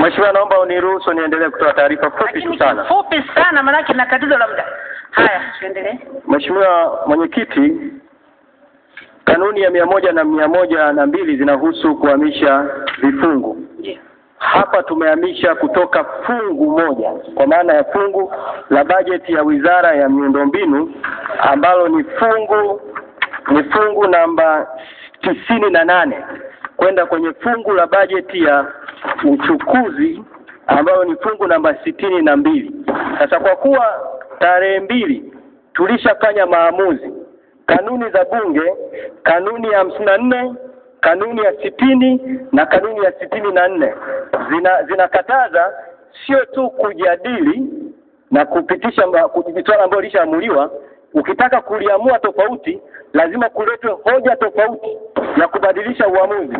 Mheshimiwa, naomba uniruhusu niendelee kutoa taarifa fupi tu sana, fupi sana, maanake na tatizo la muda. Haya, tuendelee. Mheshimiwa Mwenyekiti, kanuni ya mia moja na mia moja na mbili zinahusu kuhamisha vifungu yeah. Hapa tumehamisha kutoka fungu moja kwa maana ya fungu la bajeti ya Wizara ya Miundombinu ambalo ni fungu ni fungu namba tisini na nane kwenda kwenye fungu la bajeti ya uchukuzi ambayo ni fungu namba sitini na mbili. Sasa kwa kuwa tarehe mbili tulishafanya maamuzi, kanuni za Bunge, kanuni ya hamsini na nne kanuni ya sitini na kanuni ya sitini na nne zina zinakataza sio tu kujadili na kupitisha swala ambayo ilishaamuliwa, Ukitaka kuliamua tofauti, lazima kuletwe hoja tofauti ya kubadilisha uamuzi,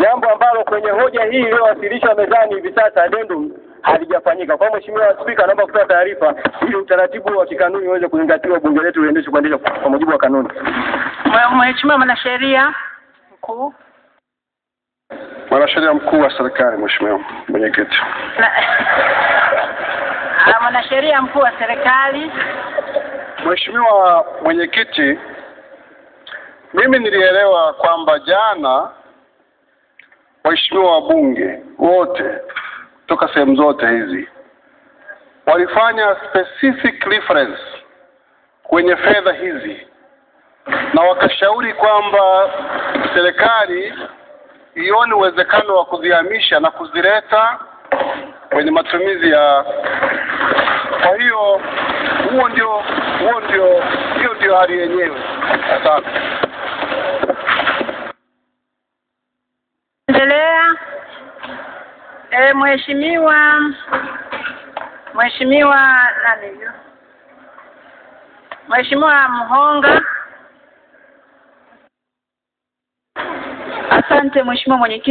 jambo ambalo kwenye hoja hii iliyowasilishwa mezani hivi sasa dendum halijafanyika. Kwa Mheshimiwa Spika, naomba kutoa taarifa ili utaratibu wa kikanuni uweze kuzingatiwa, bunge letu liendeshwe kuendeshwa kwa mujibu wa kanuni. Mheshimiwa Mwanasheria Mkuu. Mwanasheria Mkuu wa Serikali, Mheshimiwa Mwenyekiti. Mwanasheria Mkuu wa Serikali. Mheshimiwa Mwenyekiti, mimi nilielewa kwamba jana waheshimiwa wabunge wote kutoka sehemu zote hizi walifanya specific reference kwenye fedha hizi na wakashauri kwamba serikali ione uwezekano wa kuzihamisha na kuzileta kwenye matumizi ya safari yenyewe. Asante. Endelea. E, mheshimiwa Mheshimiwa nani? hiyo? Mheshimiwa Mhonga. Asante Mheshimiwa Mwenyekiti.